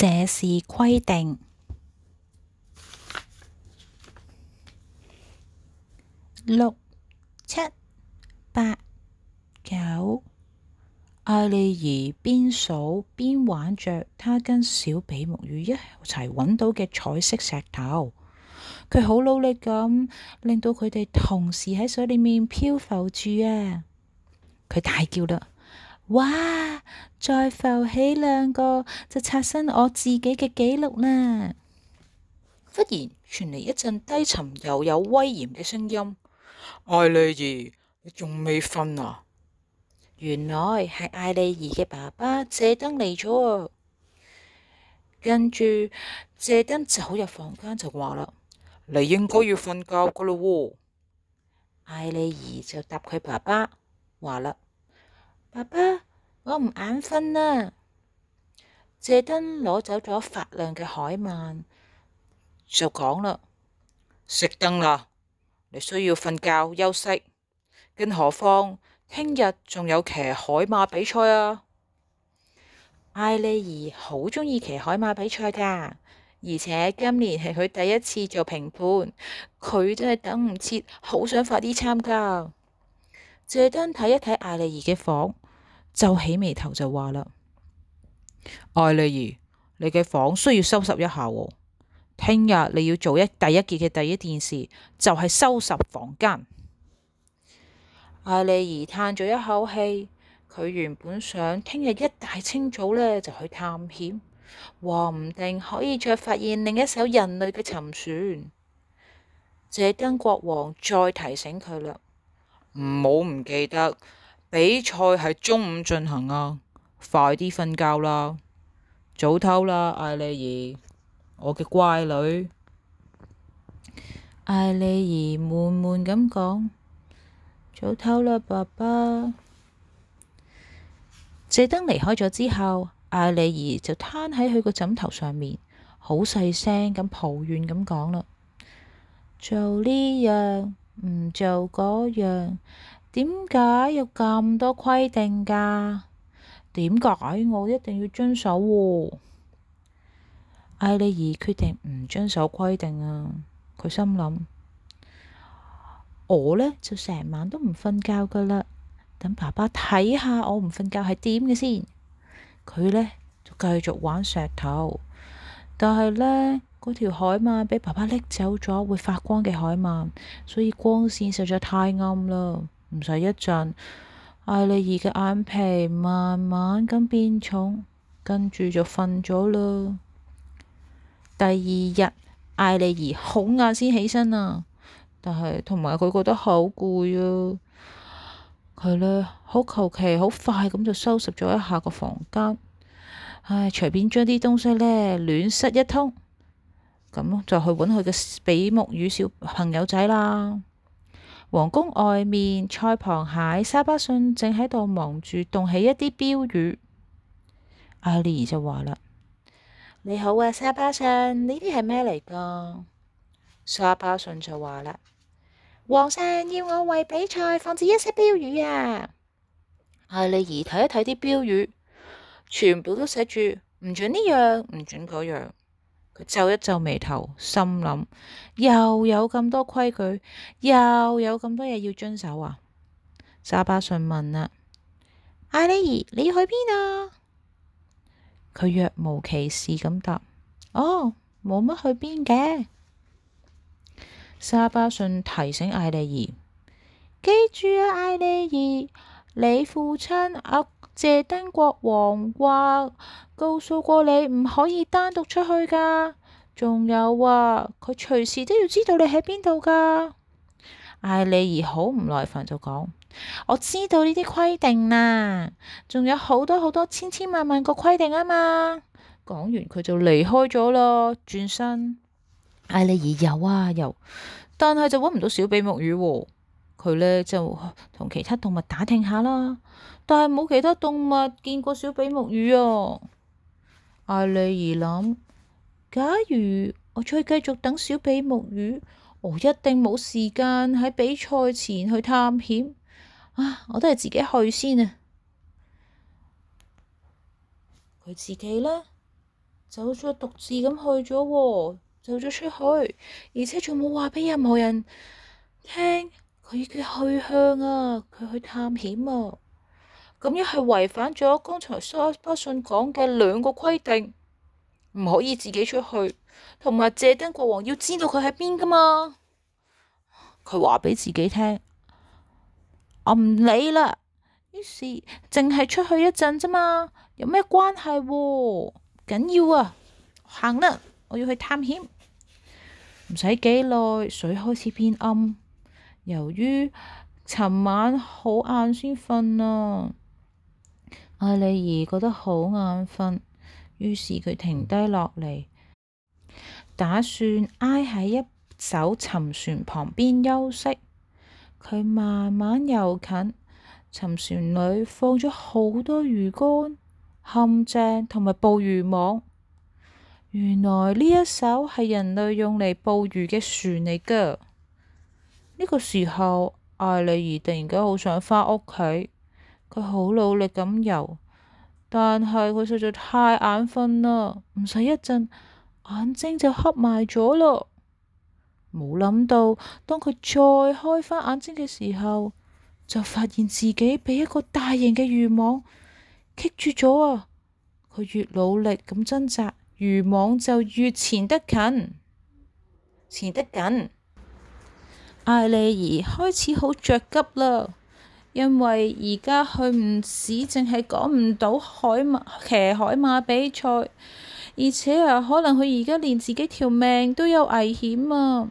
這是規定。六、七、八、九，艾麗兒邊數邊玩着，她跟小比目魚一齊揾到嘅彩色石頭，佢好努力咁令到佢哋同時喺水裏面漂浮住啊！佢大叫啦。哇！再浮起兩個就刷新我自己嘅記錄啦！忽然傳嚟一陣低沉又有威嚴嘅聲音：艾莉兒，你仲未瞓？啊原來係艾莉兒嘅爸爸謝登嚟咗啊！跟住謝登走入房間就話啦：你應該要瞓覺噶啦喎！艾莉兒就答佢爸爸話啦。爸爸，我唔眼瞓啦。謝登攞走咗發亮嘅海馬，就講啦：熄燈啦，你需要瞓覺休息，更何況聽日仲有騎海馬比賽啊！艾麗兒好鍾意騎海馬比賽㗎，而且今年係佢第一次做評判，佢真係等唔切，好想快啲參加。謝登睇一睇艾麗兒嘅房。皺起眉頭就話啦，艾麗兒，你嘅房需要收拾一下喎、哦。聽日你要做一第一件嘅第一件事，就係、是、收拾房間。艾麗兒嘆咗一口氣，佢原本想聽日一大清早咧就去探險，話唔定可以再發現另一艘人類嘅沉船。這跟國王再提醒佢啦，唔好唔記得。比賽係中午進行啊！快啲瞓覺啦，早唞啦，艾莉兒，我嘅乖女。艾莉兒悶悶咁講：早唞啦，爸爸。謝登離開咗之後，艾莉兒就攤喺佢個枕頭上面，好細聲咁抱怨咁講啦：做呢樣，唔做嗰樣。點解有咁多規定噶？點解我一定要遵守啊？艾莉爾決定唔遵守規定啊！佢心諗我呢，就成晚都唔瞓覺噶啦，等爸爸睇下我唔瞓覺係點嘅先。佢呢，就繼續玩石頭，但係呢，嗰條海鰻畀爸爸拎走咗，會發光嘅海鰻，所以光線實在太暗啦。唔使一陣，艾莉兒嘅眼皮慢慢咁變重，跟住就瞓咗啦。第二日，艾莉兒好晏先起身啊，但係同埋佢覺得好攰啊，佢咧好求其好快咁就收拾咗一下個房間，唉，隨便將啲東西咧亂塞一通，咁就去揾佢嘅比目魚小朋友仔啦。皇宮外面，賽螃蟹，沙巴遜正喺度忙住動起一啲標語。艾莉兒就話啦，你好啊，沙巴遜，呢啲係咩嚟噶？沙巴遜就話啦，皇上要我為比賽放置一些標語啊。艾莉兒睇一睇啲標語，全部都寫住唔准呢樣，唔准嗰樣。皺一皺眉頭，心諗又有咁多規矩，又有咁多嘢要遵守啊！沙巴遜問啦：艾莉兒，你去邊啊？佢若無其事咁答：哦，冇乜去邊嘅。沙巴遜提醒艾莉兒：記住啊，艾莉兒，你父親謝登國王話告訴過你唔可以單獨出去噶，仲有啊，佢隨時都要知道你喺邊度噶。艾莉兒好唔耐煩就講：我知道呢啲規定啦，仲有好多好多千千萬萬個規定啊嘛。講完佢就離開咗咯，轉身。艾莉兒游啊游，但係就搵唔到小比目魚。佢咧就同其他動物打聽下啦，但係冇其他動物見過小比目魚哦、啊。艾莉兒諗：假如我再繼續等小比目魚，我一定冇時間喺比賽前去探險。啊！我都係自己去先啊。佢自己咧，走咗獨自咁去咗，走咗出去，而且仲冇話俾任何人聽。佢嘅去向啊，佢去探險啊，咁一係違反咗剛才沙巴信講嘅兩個規定，唔可以自己出去，同埋謝登國王要知道佢喺邊噶嘛。佢話畀自己聽， 我唔理啦。於是淨係出去一陣啫嘛，有咩關係啊？緊要啊，行啦，我要去探險。唔使幾耐，水開始變暗。由於尋晚好晏先瞓啊，艾莉兒覺得好眼瞓，於是佢停低落嚟，打算挨喺一艘沉船旁邊休息。佢慢慢遊近，沉船裡放咗好多魚竿、陷阱同埋捕魚網。原來呢一艘係人類用嚟捕魚嘅船嚟㗎。呢個時候，艾莉兒突然間好想翻屋企，佢好努力咁游，但係佢實在太眼瞓啦，唔使一陣眼睛就黑埋咗咯。冇諗到，當佢再開翻眼睛嘅時候，就發現自己俾一個大型嘅漁網棘住咗啊！佢越努力咁掙扎，漁網就越纏得緊，纏得緊。艾莉兒開始好着急啦，因為而家佢唔止淨係趕唔到海馬騎海馬比賽，而且啊，可能佢而家連自己條命都有危險啊！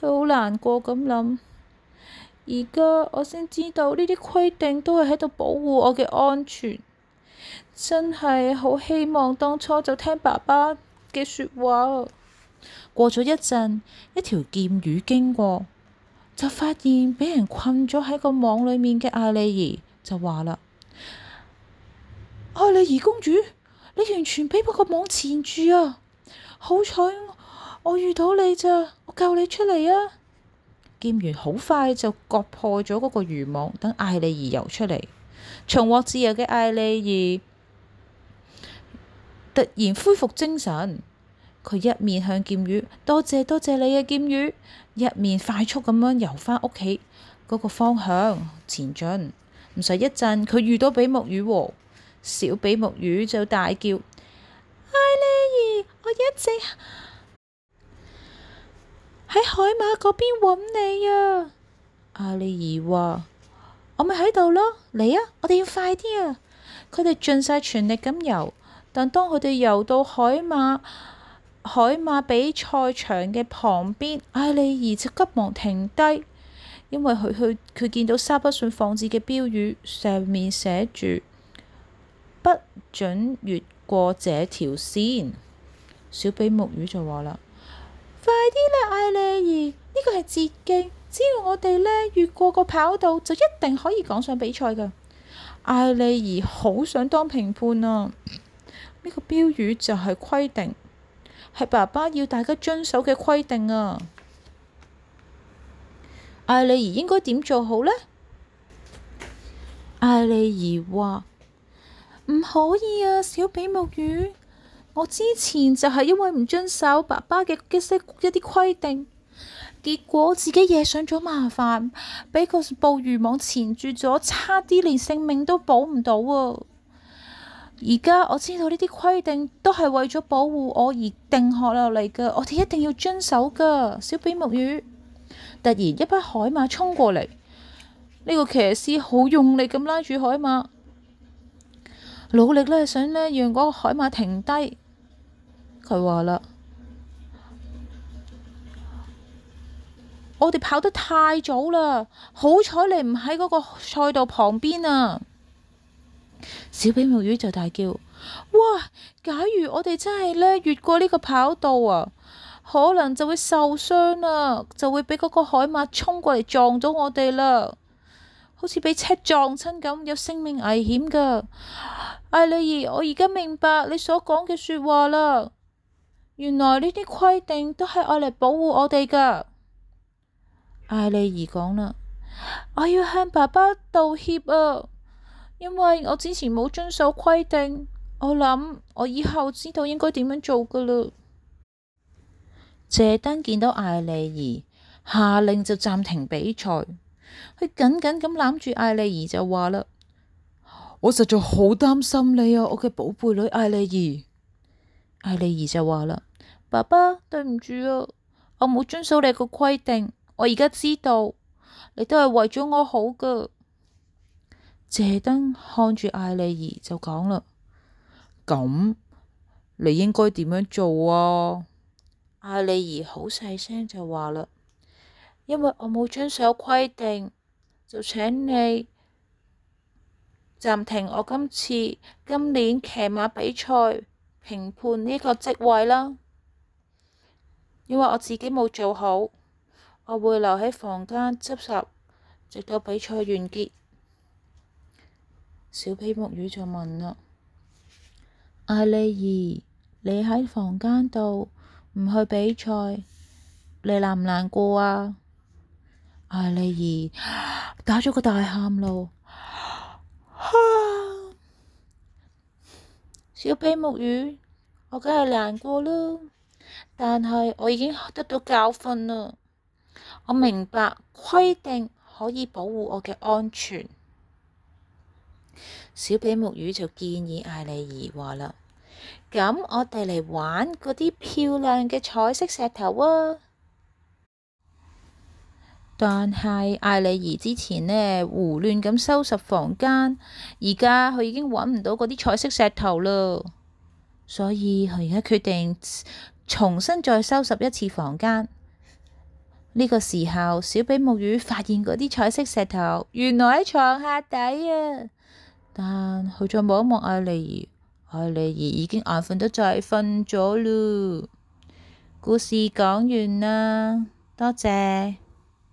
佢好難過咁諗。而家我先知道呢啲規定都係喺度保護我嘅安全，真係好希望當初就聽爸爸嘅説話。過咗一陣，一條劍魚經過。就發現畀人困咗喺個網裏面嘅艾莉兒就話啦：艾莉兒公主，你完全畀嗰個網纏住啊！好彩我遇到你咋，我救你出嚟啊！劍員好快就割破咗嗰個漁網，等艾莉兒游出嚟。重獲自由嘅艾莉兒突然恢復精神。佢一面向劍魚，多謝多謝你啊！劍魚一面快速咁樣游翻屋企嗰個方向前進。唔使一陣，佢遇到比目魚喎、哦，小比目魚就大叫：lady, 啊、阿里兒，我一直喺海馬嗰邊揾你啊！阿里兒話：我咪喺度咯，嚟啊！我哋要快啲啊！佢哋盡晒全力咁游，但當佢哋游到海馬，海馬比賽場嘅旁邊，艾莉兒就急忙停低，因為佢去佢見到沙不順放置嘅標語上面寫住不准越過這條線。小比目魚就話啦：快啲啦，艾莉兒，呢個係捷徑，只要我哋呢越過個跑道，就一定可以趕上比賽噶。艾莉兒好想當評判啊！呢個標語就係規定。係爸爸要大家遵守嘅規定啊！艾莉兒應該點做好呢？艾莉兒話：唔可以啊，小比目魚！我之前就係因為唔遵守爸爸嘅一些一啲規定，結果自己惹上咗麻煩，畀個捕魚網纏住咗，差啲連性命都保唔到啊！而家我知道呢啲規定都係為咗保護我而定學落嚟嘅，我哋一定要遵守噶。小比目魚突然一匹海馬衝過嚟，呢個騎士好用力咁拉住海馬，努力呢想呢讓嗰個海馬停低。佢話啦：我哋跑得太早啦，好彩你唔喺嗰個賽道旁邊啊！小比目魚就大叫：，哇！假如我哋真係呢，越過呢個跑道啊，可能就會受傷啦，就會畀嗰個海馬衝過嚟撞到我哋啦，好似畀車撞親咁，有生命危險噶。艾莉兒，我而家明白你所講嘅說話啦，原來呢啲規定都係愛嚟保護我哋噶。艾莉兒講啦，我要向爸爸道歉啊。因為我之前冇遵守規定，我諗我以後知道應該點樣做噶啦。謝丹見到艾麗兒，下令就暫停比賽。佢緊緊咁攬住艾麗兒就話啦：，我實在好擔心你啊，我嘅寶貝女艾麗兒。艾麗兒就話啦：，爸爸，對唔住啊，我冇遵守你個規定，我而家知道，你都係為咗我好噶。謝登看住艾莉兒就講啦：「咁你應該點樣做啊？」艾莉兒好細聲就話啦：「因為我冇遵守規定，就請你暫停我今次今年騎馬比賽評判呢個職位啦。因為我自己冇做好，我會留喺房間執拾，直到比賽完結。」小批木魚就問啦：艾莉兒，你喺房間度唔去比賽，你難唔難過啊？艾莉兒打咗個大喊咯！哈哈。小批木魚，我梗係難過啦，但係我已經得到教訓啦。我明白規定可以保護我嘅安全。小比目魚就建議艾麗兒話啦：咁我哋嚟玩嗰啲漂亮嘅彩色石頭啊！但係艾麗兒之前呢胡亂咁收拾房間，而家佢已經揾唔到嗰啲彩色石頭啦，所以佢而家決定重新再收拾一次房間。呢個時候，小比目魚發現嗰啲彩色石頭原來喺床下底啊！但佢再望一望艾莉兒，艾莉兒已經眼瞓得滯瞓咗嚕。故事講完啦，多謝。